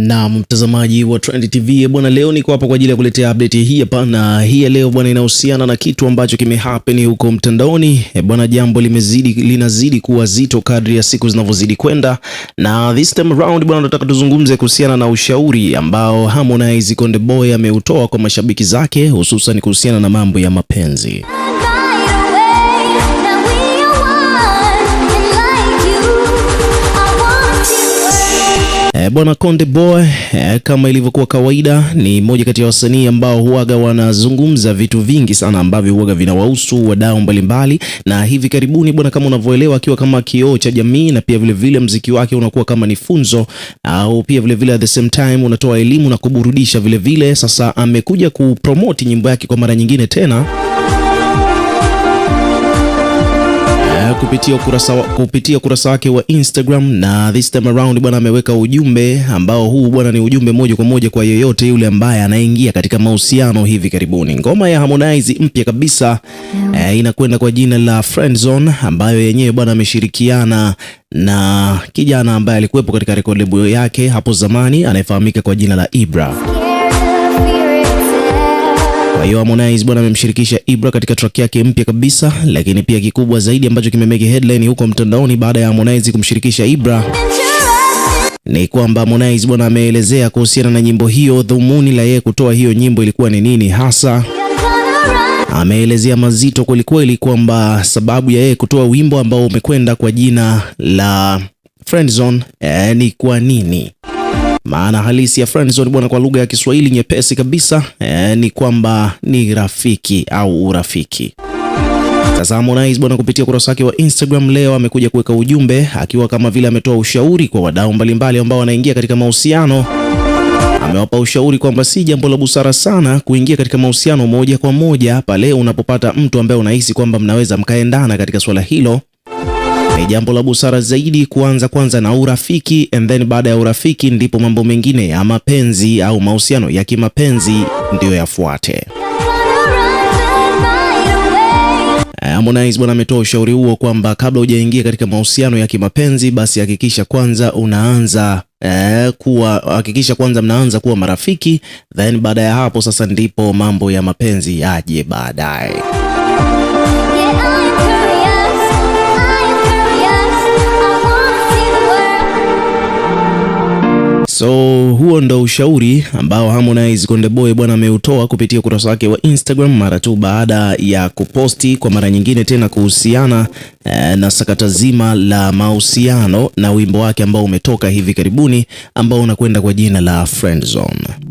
Na mtazamaji wa Trend TV bwana, leo niko hapa kwa ajili ya kuletea update hii hapa, na hii leo bwana inahusiana na kitu ambacho kimehappen huko mtandaoni eh, bwana. Jambo limezidi linazidi kuwa zito kadri ya siku zinavyozidi kwenda, na this time round bwana, nataka tuzungumze kuhusiana na ushauri ambao Harmonize Konde Boy ameutoa kwa mashabiki zake, hususan kuhusiana na mambo ya mapenzi. E, bwana Konde Boy e, kama ilivyokuwa kawaida ni mmoja kati ya wasanii ambao huaga wanazungumza vitu vingi sana ambavyo huaga vinawahusu wadau mbalimbali, na hivi karibuni bwana, kama unavyoelewa, akiwa kama kioo cha jamii, na pia vile vile mziki wake unakuwa kama ni funzo au pia vile vile at the same time unatoa elimu na kuburudisha vile vile. Sasa amekuja kupromote nyimbo yake kwa mara nyingine tena kupitia ukurasa kupitia ukurasa wake wa Instagram, na this time around bwana ameweka ujumbe ambao huu bwana ni ujumbe moja kwa moja kwa yeyote yule ambaye anaingia katika mahusiano hivi karibuni. Ngoma ya Harmonize mpya kabisa eh, inakwenda kwa jina la Friend Zone ambayo yenyewe bwana ameshirikiana na kijana ambaye alikuwepo katika rekodi yake hapo zamani anayefahamika kwa jina la Ibra. Kwa hiyo Harmonize bwana amemshirikisha Ibra katika track yake mpya kabisa, lakini pia kikubwa zaidi ambacho kimemeke headline huko mtandaoni baada ya Harmonize kumshirikisha Ibra ni kwamba Harmonize bwana ameelezea kuhusiana na nyimbo hiyo, dhumuni la yeye kutoa hiyo nyimbo ilikuwa ni nini hasa. Ameelezea mazito kwelikweli kwamba sababu ya yeye kutoa wimbo ambao umekwenda kwa jina la Friendzone eh, ni kwa nini maana halisi ya zone bwana, kwa lugha ya Kiswahili nyepesi kabisa eh, ni kwamba ni rafiki au urafiki. Sasa Harmonize bwana, kupitia ukurasa wake wa Instagram leo amekuja kuweka ujumbe akiwa kama vile ametoa ushauri kwa wadau mbalimbali ambao wanaingia katika mahusiano. Amewapa ushauri kwamba si jambo la busara sana kuingia katika mahusiano moja kwa moja pale unapopata mtu ambaye unahisi kwamba mnaweza mkaendana katika suala hilo, ni jambo la busara zaidi kuanza kwanza na urafiki and then baada ya urafiki ndipo mambo mengine ya mapenzi au mahusiano ya kimapenzi ndiyo yafuate. Harmonize bwana ametoa ushauri huo kwamba kabla hujaingia katika mahusiano ya kimapenzi basi hakikisha kwanza unaanza eh, kuwa hakikisha kwanza mnaanza kuwa marafiki, then baada ya hapo sasa ndipo mambo ya mapenzi yaje baadaye. So huo ndo ushauri ambao Harmonize Konde Boy bwana ameutoa kupitia ukurasa wake wa Instagram mara tu baada ya kuposti kwa mara nyingine tena kuhusiana eh, na sakata zima la mahusiano na wimbo wake ambao umetoka hivi karibuni ambao unakwenda kwa jina la Friend Zone.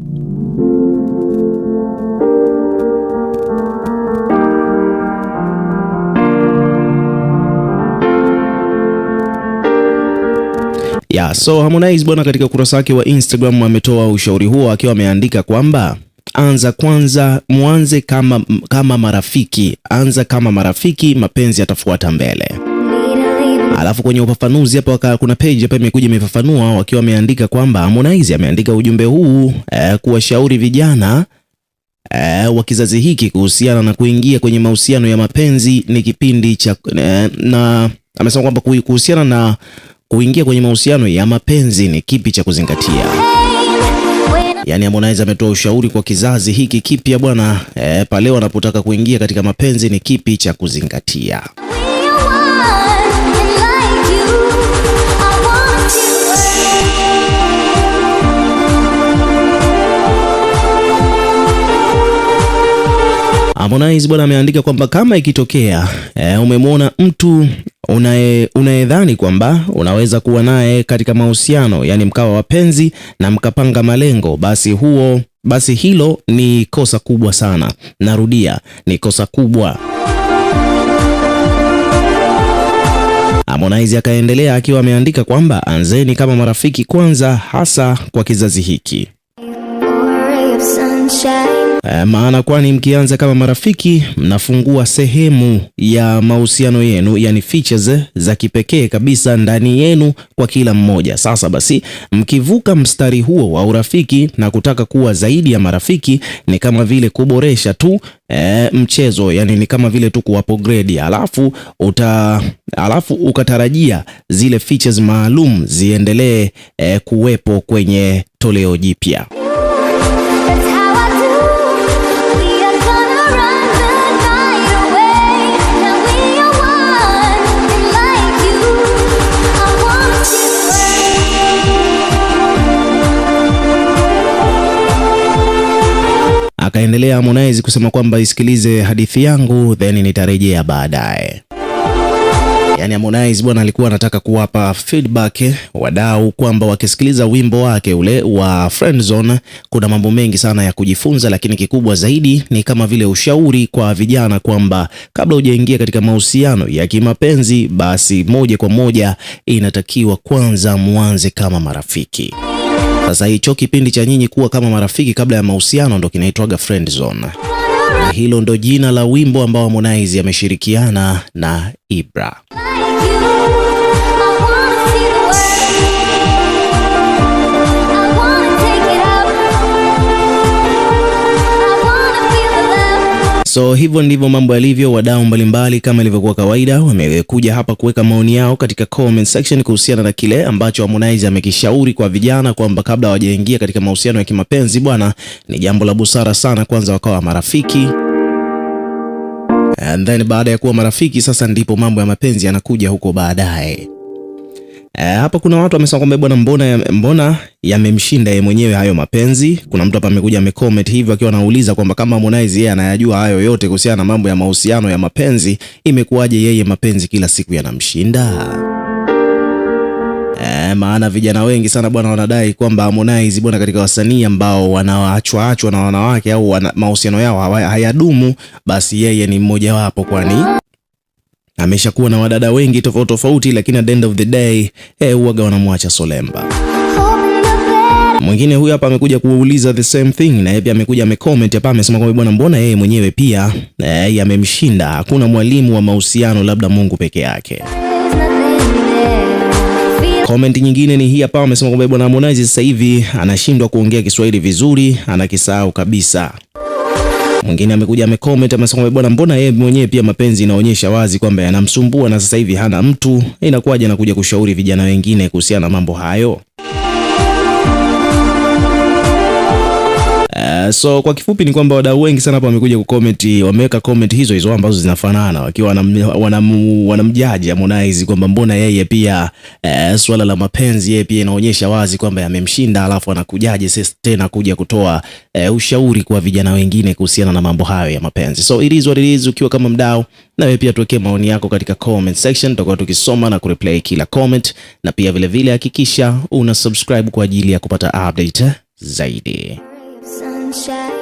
so Harmonize bwana, katika ukurasa wake wa Instagram ametoa ushauri huo akiwa ameandika kwamba anza kwanza, mwanze kama, kama marafiki, anza kama marafiki, mapenzi yatafuata mbele. Alafu kwenye ufafanuzi hapa kuna page hapa imekuja imefafanua wakiwa ameandika kwamba Harmonize ameandika ujumbe huu eh, kuwashauri vijana eh, wa kizazi hiki kuhusiana na kuingia kwenye mahusiano ya mapenzi ni kipindi cha eh, na amesema kwamba kuhusiana na kuingia kwenye mahusiano ya mapenzi ni kipi cha kuzingatia? Yaani Harmonize ametoa ushauri kwa kizazi hiki kipya bwana, e, pale wanapotaka kuingia katika mapenzi ni kipi cha kuzingatia? Harmonize bwana ameandika kwamba kama ikitokea e, umemwona mtu unayedhani kwamba unaweza kuwa naye katika mahusiano, yani mkawa wapenzi na mkapanga malengo, basi huo basi hilo ni kosa kubwa sana. Narudia, ni kosa kubwa. Harmonize akaendelea akiwa ameandika kwamba anzeni kama marafiki kwanza, hasa kwa kizazi hiki. Eh, maana kwani mkianza kama marafiki mnafungua sehemu ya mahusiano yenu, yani features eh, za kipekee kabisa ndani yenu kwa kila mmoja. Sasa basi, mkivuka mstari huo wa urafiki na kutaka kuwa zaidi ya marafiki, ni kama vile kuboresha tu E, mchezo yani ni kama vile tu kuupgrade, alafu uta alafu ukatarajia zile features maalum ziendelee kuwepo kwenye toleo jipya. Akaendelea Harmonize kusema kwamba isikilize hadithi yangu then nitarejea baadaye. Yaani Harmonize bwana alikuwa anataka kuwapa feedback wadau kwamba wakisikiliza wimbo wake ule wa Friend Zone kuna mambo mengi sana ya kujifunza, lakini kikubwa zaidi ni kama vile ushauri kwa vijana kwamba kabla hujaingia katika mahusiano ya kimapenzi, basi moja kwa moja inatakiwa kwanza mwanze kama marafiki. Sasa hicho kipindi cha nyinyi kuwa kama marafiki kabla ya mahusiano ndo kinaitwaga friend zone, hilo ndo jina la wimbo ambao Harmonize ameshirikiana na Ibra. So hivyo ndivyo mambo yalivyo. Wadau mbalimbali, kama ilivyokuwa kawaida, wamekuja hapa kuweka maoni yao katika comment section kuhusiana na kile ambacho Harmonize amekishauri kwa vijana kwamba kabla hawajaingia katika mahusiano ya kimapenzi bwana, ni jambo la busara sana kwanza wakawa marafiki and then baada ya kuwa marafiki sasa ndipo mambo ya mapenzi yanakuja huko baadaye. E, hapa kuna watu wamesema kwamba bwana, mbona mbona yamemshinda yeye mwenyewe hayo mapenzi. Kuna mtu hapa amekuja amecomment hivyo akiwa anauliza kwamba kama Harmonize yeye anayajua hayo yote kuhusiana na mambo ya mahusiano ya mapenzi, imekuwaje yeye mapenzi kila siku yanamshinda? E, maana vijana wengi sana bwana wanadai kwamba Harmonize bwana, katika wasanii ambao wanaachwa achwa na wanawake au wana, mahusiano yao hayadumu, basi yeye ni wapo kwani ameshakuwa na wadada wengi tofauti tofauti, lakini at the end of the day eh, huaga wanamwacha Solemba. Mwingine huyu hapa amekuja kuuliza the same thing, na yeye pia amekuja amecomment hapa, amesema kwamba bwana, mbona yeye mwenyewe pia eh, yeye amemshinda, hakuna mwalimu wa mahusiano, labda Mungu peke yake. Comment nyingine ni hii hapa, amesema kwamba bwana Harmonize sasa hivi anashindwa kuongea Kiswahili vizuri, anakisahau kabisa. Mwingine amekuja amecomment, amesema bwana, mbona yeye mwenyewe pia mapenzi inaonyesha wazi kwamba yanamsumbua na sasa hivi hana mtu, inakuwaje anakuja kushauri vijana wengine kuhusiana na mambo hayo? Eh, so kwa kifupi ni kwamba wadau wengi sana hapa wamekuja kucomment, wameweka comment hizo hizo ambazo zinafanana, wakiwa wanamjaji Harmonize kwamba mbona yeye pia eh, swala la mapenzi yeye pia inaonyesha wazi kwamba yamemshinda, alafu anakujaje sasa tena kuja kutoa eh, ushauri kwa vijana wengine kuhusiana na mambo hayo ya mapenzi. So it is what it is, ukiwa kama mdau na wewe pia tuwekee maoni yako katika comment section, tutakuwa tukisoma na kureplay kila comment, na pia vilevile hakikisha vile una subscribe kwa ajili ya kupata update zaidi. sunshine